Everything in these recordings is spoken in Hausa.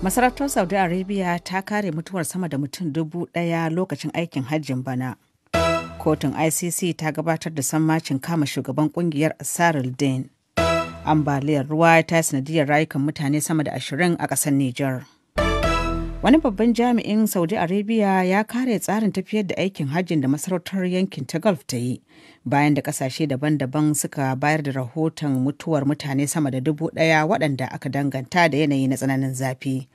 Masarautar Saudi Arabia ta kare mutuwar sama da mutum dubu ɗaya lokacin aikin hajjin bana. Kotun ICC ta gabatar da sammacin kama shugaban kungiyar Asarul Din. Ambaliyar ruwa ta sanadiyar rayukan mutane sama da ashirin a ƙasar Nijar. Wani babban jami'in Saudi Arabia ya kare tsarin tafiyar da aikin hajjin da masarautar yankin ta Gulf ta yi bayan da kasashe daban-daban suka bayar da rahoton mutuwar mutane sama da dubu ɗaya waɗanda aka danganta da yanayi na tsananin zafi.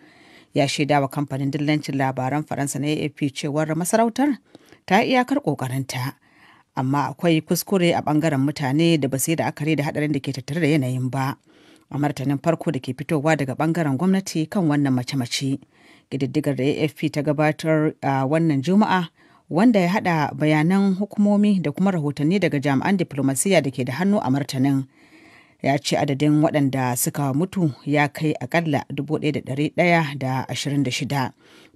Ya shaida wa kamfanin dillancin labaran Faransa na AFP cewar masarautar ta iyakar ƙoƙarinta. Amma akwai kuskure a ɓangaren mutane da ba sai da akari da haɗarin da ke tattare da yanayin ba. A martanin farko da ke fitowa daga bangaren gwamnati kan wannan mace-mace. ƙididdigar da afp ta gabatar a wannan juma'a wanda ya hada bayanan hukumomi da kuma rahotanni daga jami'an diplomasiya da ke da hannu a martanin ya ce adadin waɗanda suka mutu ya kai akalla 1,126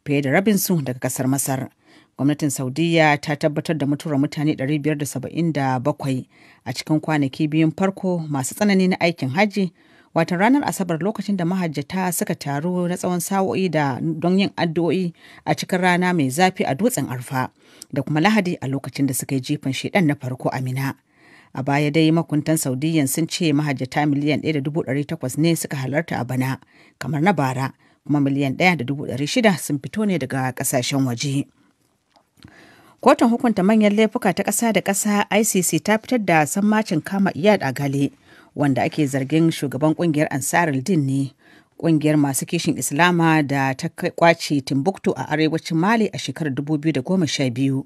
fiye da rabinsu daga ƙasar masar gwamnatin saudiya ta tabbatar da mutuwar mutane 577 a cikin kwanaki biyun farko masu tsanani na aikin hajji wata ranar asabar lokacin da mahajjata suka taru na tsawon sa'o'i da don yin addu'o'i a cikin rana mai zafi a dutsen arfa da kuma lahadi a lokacin da suka yi jifin shidan na farko amina a baya dai makuntan saudiyyan sun ce mahajjata miliyan 1.800 ne suka halarta a bana kamar na bara kuma miliyan 1.600 sun fito ne daga kasashen waje. Kotun hukunta manyan laifuka ta ƙasa da ƙasa ICC ta fitar da sammacin kama iyad a gale wanda ake zargin shugaban kungiyar ansarul din ne kungiyar masu kishin islama da ta kwace timbuktu a arewacin mali a shekarar 2012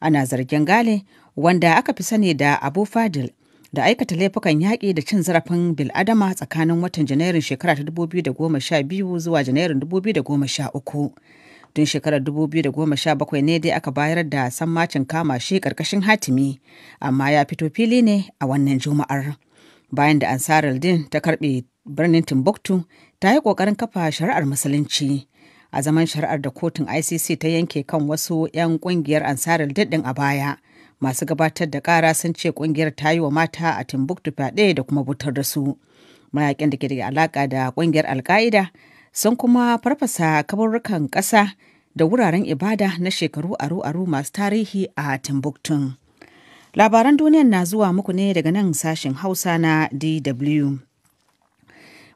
ana zargin gale wanda aka fi sani da abu fadil da aikata laifukan yaƙi da cin zarafin biladama tsakanin watan janairun shekara ta 2012 zuwa janairun 2013 tun shekarar 2017 ne dai aka bayar da sammacin kama shi ƙarƙashin hatimi amma ya fito fili ne a wannan juma'ar. bayan da ansar din ta karbe birnin timbuktu ta yi kokarin kafa shari'ar musulunci a zaman shari'ar da kotun icc ta yanke kan wasu 'yan kungiyar ansar din din a baya masu gabatar da kara sun ce kungiyar ta yi wa mata a timbuktu fyaɗe da kuma butar da su mayakin da ke da alaka da kungiyar alka'ida sun kuma farfasa kaburrukan ƙasa da wuraren ibada na shekaru aru-aru masu tarihi a timbuktu Labaran duniyar na zuwa muku ne daga nan sashen Hausa na DW.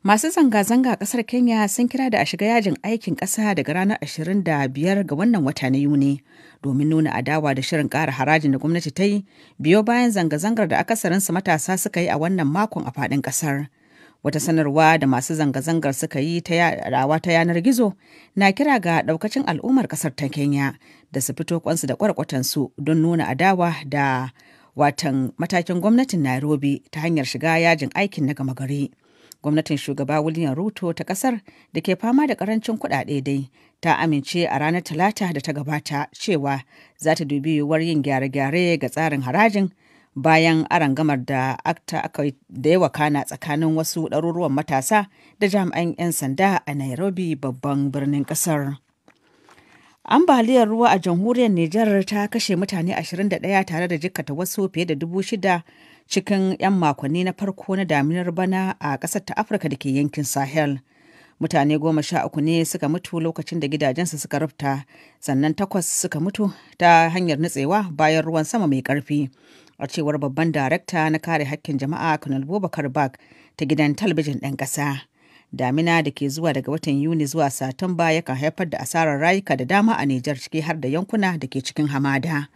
Masu zanga-zanga a ƙasar Kenya sun kira da a shiga yajin aikin ƙasa daga ranar 25 ga wannan wata na Yuni domin nuna adawa da shirin ƙara harajin da gwamnati ta yi biyo bayan zanga-zangar da akasarinsu matasa suka yi a wannan makon a faɗin ƙasar. Wata sanarwa da masu zanga-zangar suka yi ta yarawa ta yanar gizo na kira ga daukacin al'ummar kasar ta Kenya da su fito kwansu da kwarkwatansu don nuna adawa da watan matakin gwamnatin Nairobi ta hanyar shiga yajin aikin na gama gari. Gwamnatin shugaba William Ruto ta kasar da ke fama da karancin kuɗaɗe dai ta amince a ranar Talata da ta gabata cewa za ta dubi yiwuwar yin gyare-gyare ga tsarin harajin bayan arangamar da akta aka da yawa kana tsakanin wasu ɗaruruwan matasa da jami'an 'yan sanda a Nairobi babban birnin ƙasar. Ambaliyar ruwa a jamhuriyar Nijar ta kashe mutane 21 tare da jikkata wasu fiye da dubu shida cikin 'yan makonni na farko na daminar bana a ƙasar ta Afirka da ke yankin Sahel. Mutane goma sha uku ne suka mutu lokacin da gidajensu suka rufta, sannan takwas suka mutu ta hanyar nutsewa bayan ruwan sama mai ƙarfi. a cewar babban darakta na kare hakkin jama'a Kanal bobakar Bak ta gidan talabijin ɗan ƙasa. Damina da ke zuwa daga watan Yuni zuwa Satumba yakan haifar da asarar rayuka da dama a Nijar ciki har da yankuna da ke cikin hamada.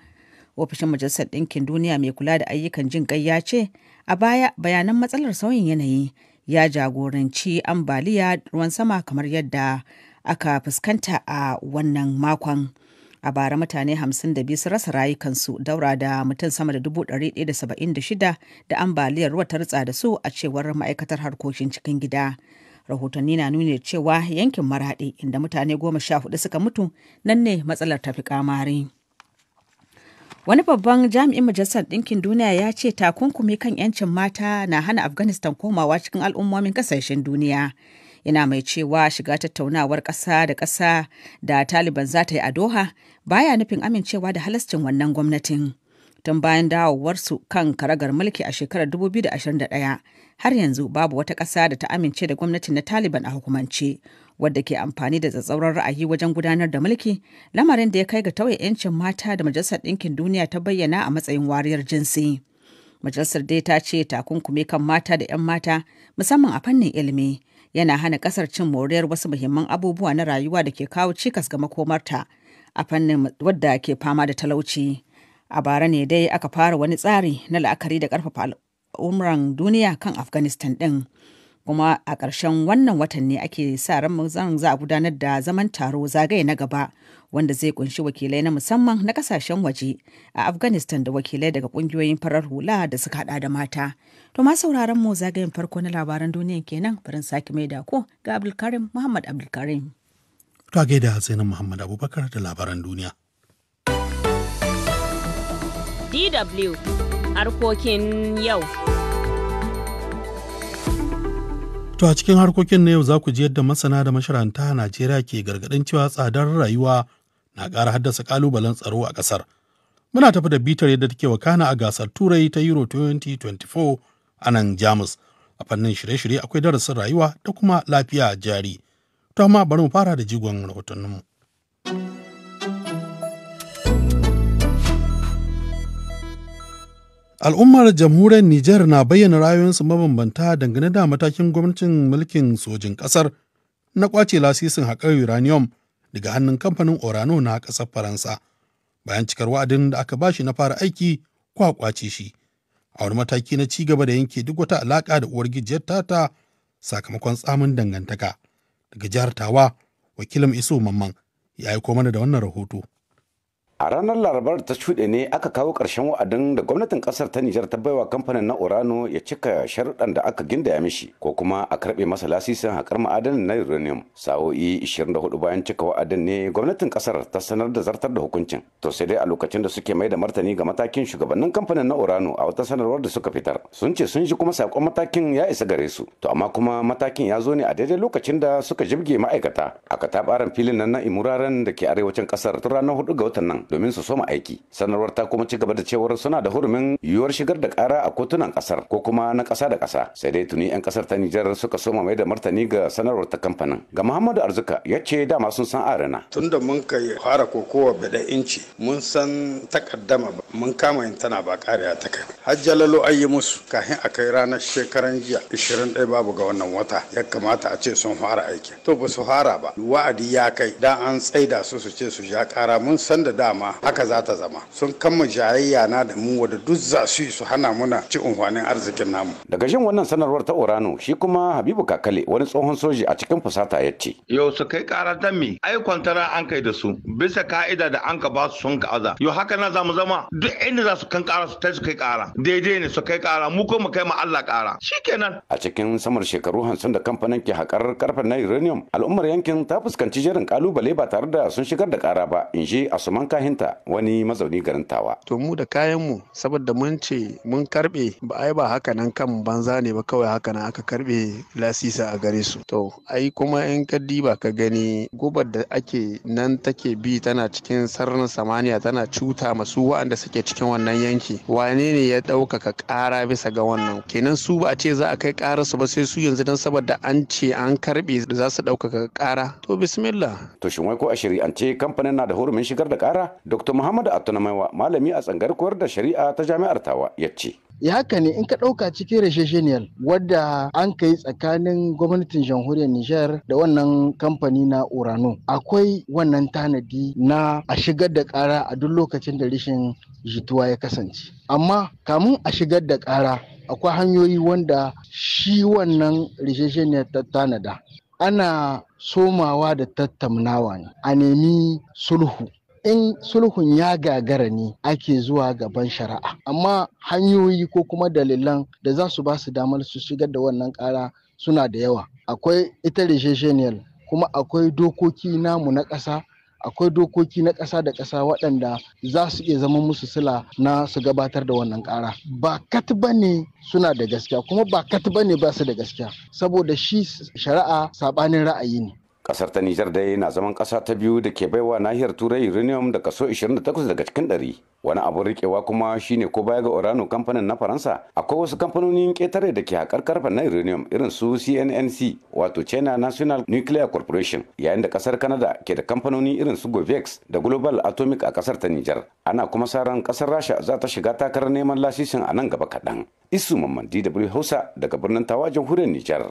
Ofishin Majalisar Ɗinkin Duniya mai kula da ayyukan jin ƙai ya ce, a baya bayanan matsalar sauyin yanayi ya jagoranci ambaliya ruwan sama kamar yadda aka fuskanta a wannan makon. a bara mutane 52 su rasa rayukansu daura da mutum sama da 176 da ambaliyar ruwa ta rutsa da su a cewar ma'aikatar harkokin cikin gida rahotanni na nuna cewa yankin maraɗi inda mutane goma sha hudu suka mutu nan ne matsalar tafi kamari wani babban jami'in majalisar ɗinkin duniya ya ce takunkumi kan 'yancin mata na hana afghanistan komawa cikin al'ummomin kasashen duniya yana mai cewa shiga tattaunawar ƙasa da ƙasa da taliban za ta yi a doha baya nufin amincewa da halascin wannan gwamnatin tun bayan dawowarsu kan karagar mulki a shekarar 2021 har yanzu babu wata ƙasa da ta amince da gwamnatin na taliban a hukumance wadda ke amfani da tsatsauran ra'ayi wajen gudanar da mulki lamarin da ya kai ga tauye 'yancin mata da majalisar ɗinkin duniya ta bayyana a matsayin wariyar jinsi majalisar dai ta ce takunkumi kan mata da 'yan mata musamman a fannin ilimi yana hana kasar cin moriyar wasu muhimman abubuwa na rayuwa da ke kawo cikas ga makomarta a fannin wadda ke fama da talauci a bara ne dai aka fara wani tsari na la'akari da karfafa al'umran duniya kan afghanistan din kuma a ƙarshen wannan watan ne ake sa ran za a gudanar da zaman taro zagaye na gaba wanda zai kunshi wakilai na musamman na kasashen waje a afghanistan da wakilai daga kungiyoyin farar hula da suka hada da mata to ma sauraron mu zagayen farko na labaran duniya kenan barin sake mai da ko ga abdulkarim muhammad abdulkarim to a da zainab muhammad abubakar da labaran duniya dw harkokin yau To a cikin harkokin na yau za ku ji yadda masana da masharanta a Najeriya ke gargaɗin cewa tsadar rayuwa na ƙara haddasa ƙalubalen tsaro a ƙasar. Muna tafi da bitar yadda take wakana a gasar Turai ta Euro 2024 a nan Jamus. A fannin shirye-shirye akwai darasin rayuwa da kuma lafiya jari. To amma bari mu fara da jigon rahotanninmu. Al'ummar jamhuriyar Nijar na bayyana ra'ayoyinsu mabambanta dangane da matakin gwamnatin mulkin sojin ƙasar na ƙwace lasisin haƙar uranium daga hannun kamfanin Orano na ƙasar Faransa. Bayan cikar wa'adin da aka ba shi na fara aiki ko a shi. A wani mataki na ci gaba da yanke duk wata alaƙa da uwar gijiyar tata sakamakon tsamin dangantaka. Daga jihar Tawa, wakilin Iso Mamman ya aiko mana da wannan rahoto. a ranar larabar ta shuɗe ne aka kawo ƙarshen wa'adin da gwamnatin ƙasar ta nijar ta baiwa kamfanin na urano ya cika sharuɗan da aka gindaya mishi ko kuma a karɓe masa lasisin haƙar ma'adanin na uranium sa'o'i 24 bayan cika wa'adin ne gwamnatin ƙasar ta sanar da zartar da hukuncin to sai dai a lokacin da suke mai da martani ga matakin shugabannin kamfanin na urano a wata sanarwar da suka fitar sun ce sun ji kuma saƙon matakin ya isa gare su to amma kuma matakin ya zo ne a daidai lokacin da suka jibge ma'aikata a kataɓaran filin nan na imuraren da ke arewacin ƙasar tun ranar 4 ga watan nan domin su soma aiki sanarwar ta kuma ci gaba da cewar suna da hurumin yiwuwar shigar da kara a kotunan kasar ko kuma na kasa da kasa sai dai tuni yan kasar ta Nijar suka soma mai da martani ga sanarwar ta kamfanin ga Muhammadu Arzuka ya ce dama sun san tun da mun kai fara kokowa bada inci mun san takaddama mun kama yin tana ba kariya ta kai har jalalo an yi musu kafin a kai ranar shekaran jiya 21 babu ga wannan wata ya kamata a ce sun fara aiki to ba su fara ba wa'adi ya kai da an tsaida su su ce su ja kara mun san da dama ma haka za ta zama sun kama jayayya na da mu wadda duk za su yi su hana muna ci unhwanin arzikin namu daga jin wannan sanarwar ta orano shi kuma habibu kakale wani tsohon soji a cikin fusata ya ce yau su kai kara ta mi. ai kwantara an kai da su bisa ka'ida da an ka ba su sun ka aza yau haka na zamu zama duk inda za su kan kara su ta su kai kara daidai ne su kai kara mu kuma kai ma Allah kara shikenan a cikin samar shekaru hamsin da kamfanin ke haƙar karfen na uranium al'ummar yankin ta fuskanci jerin kalubale ba tare da sun shigar da kara ba in ji asuman kahin Ibrahimta wani mazauni garin Tawa. To mu da kayan mu saboda mun ce mun karbe ba ai ba haka nan kan banza ne ba kawai haka nan aka karbe lasisa a gare su. To ai kuma in ka diba ka gani gubar da ake nan take bi tana cikin sararin samaniya tana cuta masu waɗanda suke cikin wannan yanki. Wane ne ya ɗaukaka ƙara bisa ga wannan? Kenan su ba a ce za a kai ƙara su ba sai su yanzu dan saboda an ce an karbe za su ɗaukaka ƙara. To bismillah. To shin wai ko a shiri an ce kamfanin na da hurumin shigar da ƙara? Dr. muhammad Atunamaiwa malami a tsangar koyar da shari'a ta jami'ar Tawa ya ce. ya haka ne in ka ɗauka cikin rashishiniyar wadda an ka yi tsakanin gwamnatin jamhuriyar Nijar da wannan kamfani na Urano akwai wannan tanadi na a shigar da ƙara a duk lokacin da rashin jituwa ya kasance amma kamun a shigar da ƙara akwai hanyoyi wanda shi wannan rashishiniyar ta tanada ana somawa da tattaunawa ne a nemi sulhu in sulhun ya gagara ne ake zuwa gaban shari'a amma hanyoyi ko kuma dalilan da za su ba su damar su shigar da wannan kara suna da yawa akwai ita resheniyar kuma akwai dokoki namu na ƙasa akwai dokoki na ƙasa da ƙasa waɗanda za su iya zama musu sila na su gabatar da wannan ƙara ba kat ba ne suna da gaskiya kuma ba kat ba ne ba su da gaskiya saboda shi shari'a saɓanin ra'ayi ne kasar ta nijar dai na zaman kasa ta biyu da ke baiwa nahiyar turai uranium da kaso 28 daga cikin 100 wani abun rikewa kuma shine ko baya ga orano kamfanin na faransa akwai wasu kamfanonin ketare da ke haƙar karfa na uranium irin su cnnc wato china national nuclear corporation yayin da kasar Kanada ke da kamfanoni irin su govex da global atomic a kasar ta nijar ana kuma sa ran kasar rasha za ta shiga takarar neman lasisin a nan gaba kaɗan isu mamman dw hausa daga birnin tawa jamhuriyar nijar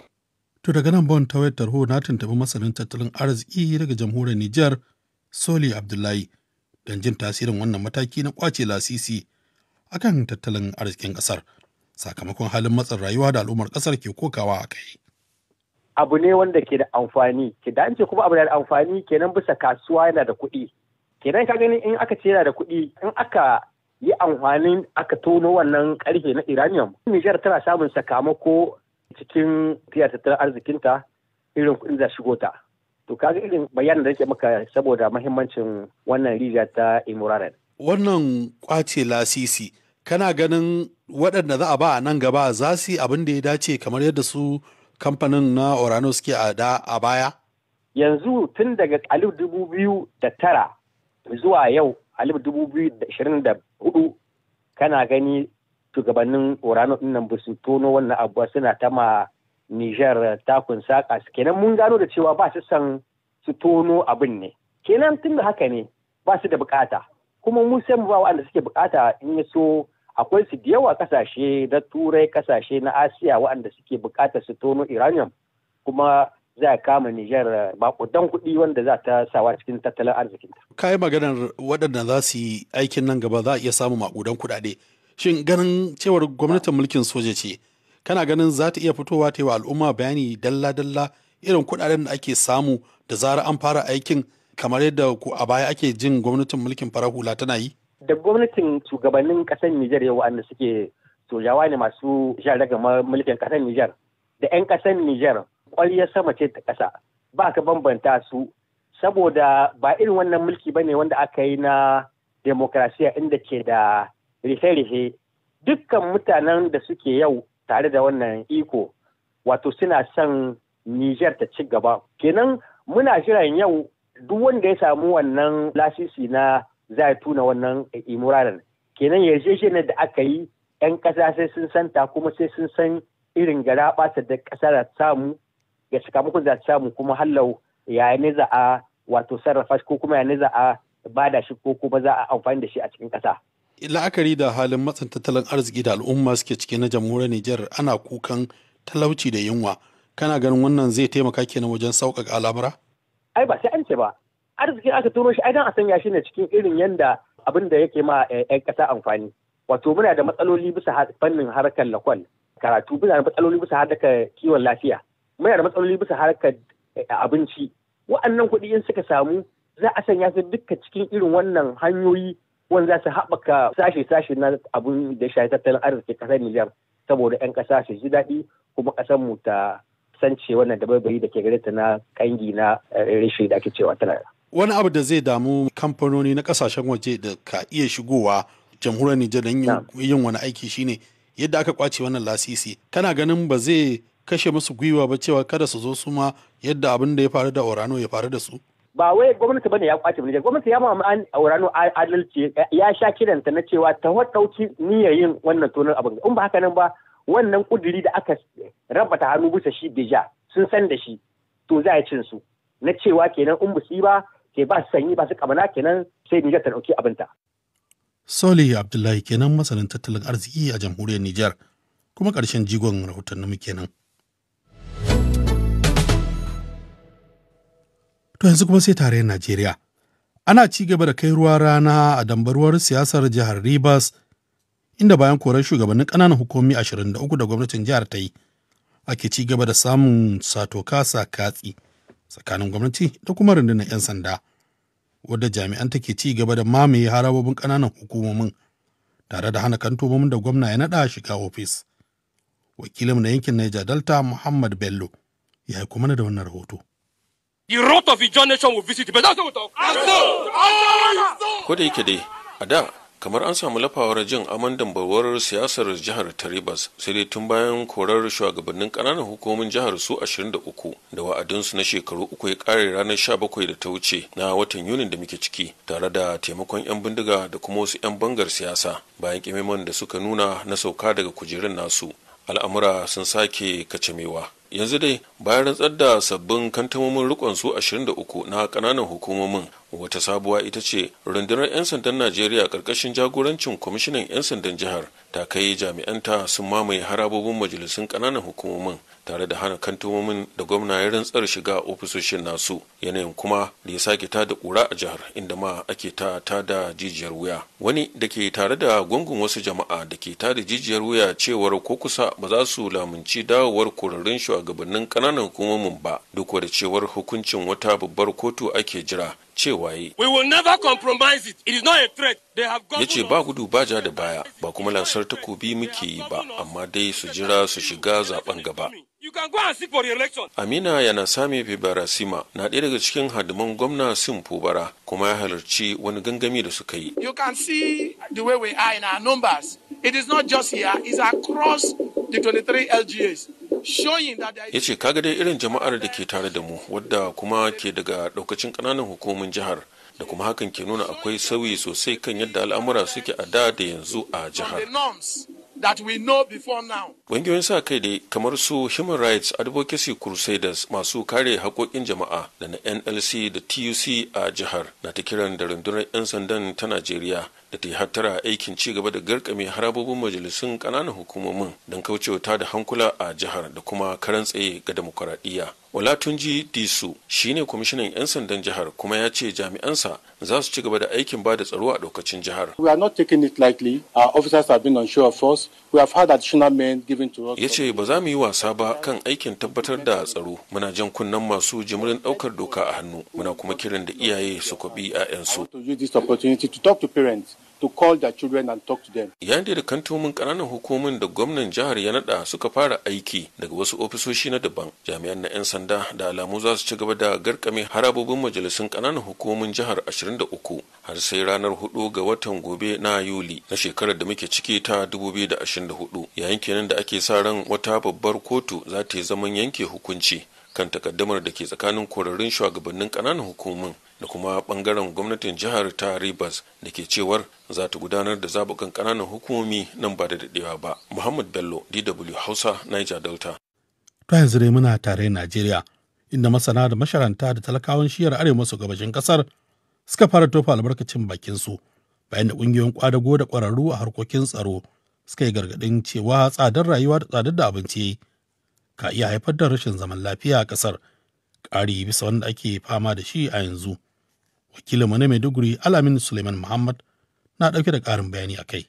To daga nan bon ta wayar tarho na tuntubi masanin tattalin arziki daga jamhuriyar Nijar Soli Abdullahi don jin tasirin wannan mataki na kwace lasisi akan tattalin arzikin kasar sakamakon halin matsin rayuwa da al'ummar kasar ke kokawa a kai. Abu ne wanda ke da amfani, ke da ce kuma abu da amfani kenan bisa kasuwa yana da kuɗi. Kenan ka gani in aka ce yana da kuɗi in aka yi amfanin aka tono wannan karfe na Iranium. Nijar tana samun sakamako cikin fiya tattalin arzikinta irin kuɗin za shigo ta. To kaga irin bayanin da nake maka saboda mahimmancin wannan rija ta Imuraren. Wannan kwace lasisi kana ganin waɗanda za a ba a nan gaba za su yi abin da ya dace kamar yadda su kamfanin na Orano suke a da a baya? Yanzu tun daga alif dubu biyu da tara zuwa yau alif dubu biyu da ishirin da hudu kana gani shugabannin urano din nan ba su tono wannan abuwa suna ta ma Nijar takun saka su kenan mun gano da cewa ba su san su tono abin ne kenan tun da haka ne ba su da bukata kuma mu sai mu ba wa'anda suke bukata in ya so akwai su da yawa kasashe na turai kasashe na asiya wa'anda suke bukata su tono iranium kuma za a kama Nijar makudan kuɗi wanda za ta sawa cikin tattalin arzikinta. yi maganar waɗanda za su yi aikin nan gaba za a iya samun makudan kuɗaɗe. shin ganin cewar gwamnatin mulkin soja ce kana ganin za ta iya fitowa ta yi wa al'umma bayani dalla-dalla irin kuɗaɗen da ake samu da zara an fara aikin kamar yadda ku a baya ake jin gwamnatin mulkin farar hula tana yi? Da gwamnatin shugabannin ƙasar Nijar yau wa'anda suke sojawa ne masu shan daga mulkin ƙasar Nijar da 'yan ƙasar Nijar ƙwarya sama ce ta ƙasa ba ka bambanta su saboda ba irin wannan mulki ba ne wanda aka yi na demokrasiya inda ke da rihe-rihe dukkan mutanen da suke yau tare da wannan iko wato suna son Nijar ta ci gaba. Kenan muna jiran yau duk wanda ya samu wannan lasisi na za tuna wannan imuranar Kenan yarjejeniyar da aka yi 'yan ƙasa sai sun santa kuma sai sun san irin gara da ƙasa da samu ga sakamakon za samu kuma hallau ya ne za a wato sarrafa shi ko kuma ya ne za a bada shi ko kuma za a amfani da shi a cikin ƙasa. la'akari da halin matsin tattalin arziki da al'umma suke ciki na jamhuriyar Nijar ana kukan talauci da yunwa kana ganin wannan zai taimaka kenan wajen sauƙaƙa al'amura? Ai ba sai an ce ba arziki aka turo shi ai dan a sanya shi ne cikin irin yanda abin da yake ma 'yan eh, ƙasa amfani wato muna da matsaloli bisa fannin harkar lakwal karatu muna da matsaloli bisa harkar kiwon lafiya muna da matsaloli bisa harkar eh, abinci wa'annan kuɗi in suka samu za a sanya su dukka cikin irin wannan hanyoyi wanda za su haɓaka sashe-sashe na abun da shafi tattalin arziki kasar Nijar saboda 'yan ƙasa su ji daɗi kuma ƙasar mu ta sance wannan da bai da ke gare ta na kangi na eh, reshe da ake cewa tana. Wani abu da zai damu kamfanoni na kasashen waje da ka iya shigowa jamhuriyar Nijar don yin wani aiki shine yadda aka kwace wannan lasisi kana ganin ba zai kashe musu gwiwa ba cewa kada su zo su ma yadda abin da ya faru da Orano ya faru da su. ba wai gwamnati bane ya kwace Nijar gwamnati ya mamu an aurano adalci ya sha kiranta na cewa ta hotauci niyyar yin wannan tonar abin in ba haka nan ba wannan kuduri da aka rabata hannu bisa shi deja sun san da shi to za a cin su na cewa kenan in busi ba ke ba su sanyi ba su kamana kenan sai Nijar ta dauki abin ta. Soli Abdullahi kenan masanin tattalin arziki a jamhuriyar Nijar kuma karshen jigon rahoton mu kenan. to yanzu kuma sai tarayyar najeriya ana ci gaba da kai ruwa rana a dambaruwar siyasar jihar rivers inda bayan korar shugabannin ƙananan hukumi 23 da gwamnatin jihar ta yi ake ci gaba da samun sato kasa katsi tsakanin gwamnati da kuma rundunar 'yan sanda wadda jami'an take ci gaba da mamaye harabobin ƙananan hukumomin tare da hana kantomomin da gwamna ya naɗa shiga ofis wakilin na yankin niger delta muhammad bello ya yi kuma da wannan rahoto The wrath of your nation will visit but that's what we talk. Ko da yake dai, a da kamar an samu lafawar jin aman dambarwar siyasar jihar ta sai dai tun bayan korar shugabannin ƙananan hukumomin jihar su 23 da wa'adinsu na shekaru uku ya ƙare ranar 17 da ta wuce na watan Yunin da muke ciki tare da taimakon 'yan bindiga da kuma wasu 'yan bangar siyasa bayan ƙimiman da suka nuna na sauka daga kujerun nasu al'amura sun sake kacemewa. yanzu dai bayan rantsar da sabbin kantamomin rikon su 23 na kananan hukumomin wata sabuwa ita ce rundunar 'yan sandan najeriya karkashin jagorancin kwamishinan 'yan sandan jihar ta kai jami'anta sun mamaye harabobin majalisun kananan hukumomin tare da hana kantomomin da gwamna ya rantsar shiga ofisoshin nasu yanayin kuma da ya sake ta da kura a jihar inda ma ake ta ta da jijiyar wuya wani da ke tare da gungun wasu jama'a da ke ta da jijiyar wuya cewar ko kusa ba za su lamunci dawowar kwararrun shugabannin kananan hukumomin ba duk da cewar hukuncin wata babbar kotu ake jira cewa yi. We will never compromise it. It is not a threat. ya ce ba gudu ba ja da baya ba kuma lansar takobi muke yi ba amma dai su jira su shiga zaben gaba amina yana sami barasima na ɗaya daga cikin hadiman gwamna sim fubara kuma ya halarci wani gangami da suka yi you can see the way we are in our numbers it is not just here it's across the 23 lgas ya ce kaga dai irin jama'ar da ke tare da mu wadda kuma ke daga daukacin kananan hukumin jihar da kuma hakan ke nuna akwai sauyi sosai kan yadda al'amura suke a da da yanzu a jihar Ƙungiyoyin sa kai dai kamar su Human Rights Advocacy Crusaders masu kare haƙoƙin jama'a da na NLC da TUC a jihar na ta kiran da rundunar 'yan sandan ta Najeriya da ta yi hattara aikin ci gaba da garkame harabobin majalisun kananan hukumomin don kaucewa ta da hankula a jihar da kuma karan tsaye ga demokuraɗiyya walatunji disu shine kwamishinan 'yan sandan jihar kuma ya ce jami'ansa za su ci gaba da aikin ba da tsaro a lokacin jihar we are not taking it lightly our officers have been on show of force we have had additional men given to us ya ce ba za mu yi wasa ba kan aikin tabbatar da tsaro muna jan kunnen masu jimirin ɗaukar doka a hannu muna kuma kiran da iyaye su kwabi 'ya'yansu to use this opportunity to talk to parents to call their children and talk to them. Yayin da kantomin ƙananan hukumomin da gwamnan jihar ya nada suka fara aiki daga wasu ofisoshi na daban jami'an na 'yan sanda da alamu za su ci gaba da garkame harabobin majalisun ƙananan hukumomin jihar 23 har sai ranar 4 ga watan gobe na Yuli na shekarar da muke ciki ta 2024 yayin kenan da ake sa ran wata babbar kotu za ta yi zaman yanke hukunci kan takaddamar da ke tsakanin kwararrun shugabannin ƙananan hukumomin da kuma bangaren gwamnatin jihar ta ribas da ke cewar za ta gudanar da zabukan ƙananan hukumomi nan ba da daɗewa ba muhammad bello dw hausa niger delta ta yanzu dai muna tare najeriya inda masana da masharanta da talakawan shiyar arewa maso gabashin ƙasar suka fara tofa albarkacin bakin su bayan da ƙungiyoyin kwadago da ƙwararru a harkokin tsaro suka yi gargaɗin cewa tsadar rayuwa da tsadar da abinci ka iya haifar da rashin zaman lafiya a ƙasar ƙari bisa wanda ake fama da shi a yanzu wakilin mu na Maiduguri Alamin Suleiman Muhammad na ɗauke da ƙarin bayani a kai.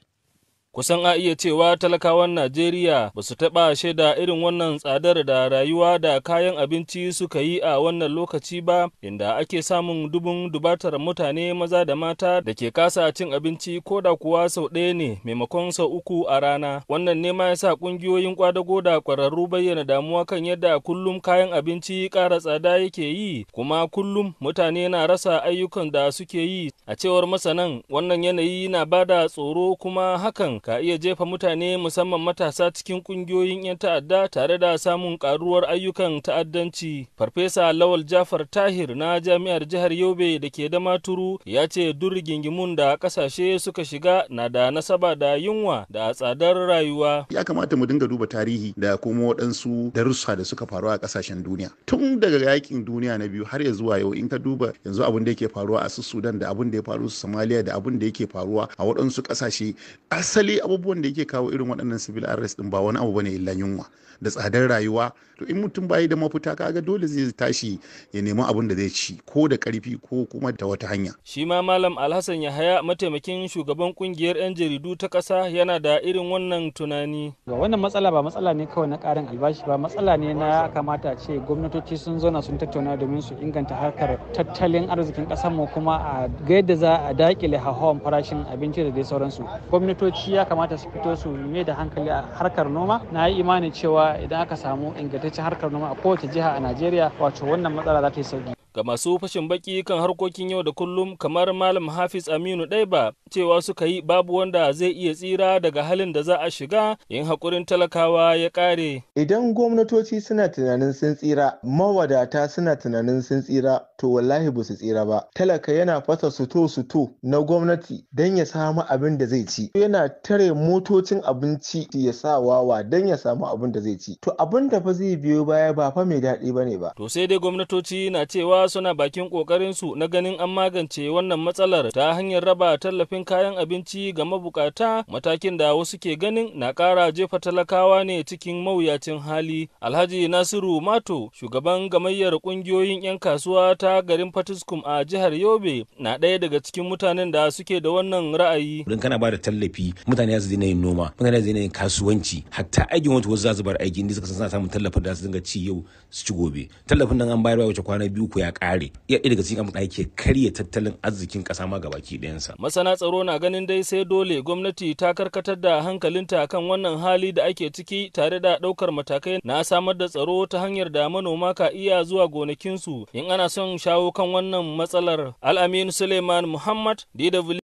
kusan a iya cewa talakawan najeriya ba su taɓa shaida irin wannan tsadar da rayuwa da kayan abinci suka yi a wannan lokaci ba inda ake samun dubun dubatar mutane maza da mata da ke kasa cin abinci ko da kuwa sau ɗaya ne maimakon sau uku a rana wannan nema ya sa ƙungiyoyin kwadago da ƙwararru bayyana damuwa kan yadda kullum kayan abinci ƙara tsada yake yi kuma kullum mutane na rasa ayyukan da suke yi a cewar masanan wannan yanayi na bada tsoro kuma hakan ka iya jefa mutane musamman matasa cikin ƙungiyoyin 'yan ta'adda tare da samun karuwar ayyukan ta'addanci. Farfesa Lawal Jafar Tahir na Jami'ar Jihar Yobe da ke da maturu ya ce duk rigingimun da kasashe suka shiga na da nasaba da yunwa da tsadar rayuwa. Ya kamata mu dinga duba tarihi da kuma waɗansu darussa da suka faru a kasashen duniya. Tun daga yakin duniya na biyu har ya zuwa yau in ka duba yanzu abin da yake faruwa a su Sudan da abin da ya faru su Somalia da abin da yake faruwa a waɗansu kasashe asali ai abubuwan da yake kawo irin waɗannan civil arrest din ba wani abu bane illa yunwa da tsadar rayuwa to in mutum bayi da mafita kaga dole zai tashi ya nemi abin da zai ci ko da karfi ko kuma da wata hanya shi ma malam alhassan yahaya mataimakin shugaban kungiyar yan jaridu ta ƙasa yana da irin wannan tunani ga wannan matsala ba matsala ne kawai na karin albashi ba matsala ne na kamata ce gwamnatoci sun zauna sun tattauna domin su inganta harkar tattalin arzikin ƙasar mu kuma a ga yadda za a dakile hauhawan farashin abinci da dai sauransu gwamnatoci ya kamata su fito su mai da hankali a harkar noma na yi imanin cewa idan aka samu ingantaccen harkar noma a kowace jiha a najeriya wato wannan matsala za ta yi sauki ga masu fashin baki kan harkokin yau da kullum kamar malam hafiz aminu ɗaiba cewa suka yi babu wanda zai iya tsira daga halin da za a shiga yin haƙurin talakawa ya ƙare idan gwamnatoci suna tunanin sun tsira mawadata suna tunanin sun tsira to wallahi ba su tsira ba talaka yana fasa suto suto na gwamnati don ya samu abin da zai ci yana tare motocin abinci ya sa wawa don ya samu abin da zai ci to abin da fa zai biyo baya ba fa mai daɗi ba ne ba to sai dai gwamnatoci na cewa suna bakin su na ganin an magance wannan matsalar ta hanyar raba tallafin kayan abinci ga mabukata matakin da wasu ke ganin na kara jefa talakawa ne cikin mawuyacin hali. Alhaji Nasiru Mato, shugaban gamayyar ƙungiyoyin 'yan kasuwa ta garin Fatiskum a jihar Yobe, na ɗaya daga cikin mutanen da suke da wannan ra'ayi. Idan kana ba da tallafi, mutane za su daina yin noma, mutane za su yin kasuwanci, hatta aikin wata wasu za su bar aiki, inda suka san suna samun tallafin da su dinga ci yau su ci gobe. Tallafin nan an bayar wace kwana biyu ko ya kare iya daga cikin abin da ake karya tattalin arzikin kasa ma baki ɗayansa masana tsaro na ganin dai sai dole gwamnati ta karkatar da hankalinta kan wannan hali da ake ciki tare da ɗaukar matakai na samar da tsaro ta hanyar da manoma ka iya zuwa gonakinsu in ana son shawo kan wannan matsalar al'amin suleiman muhammad dw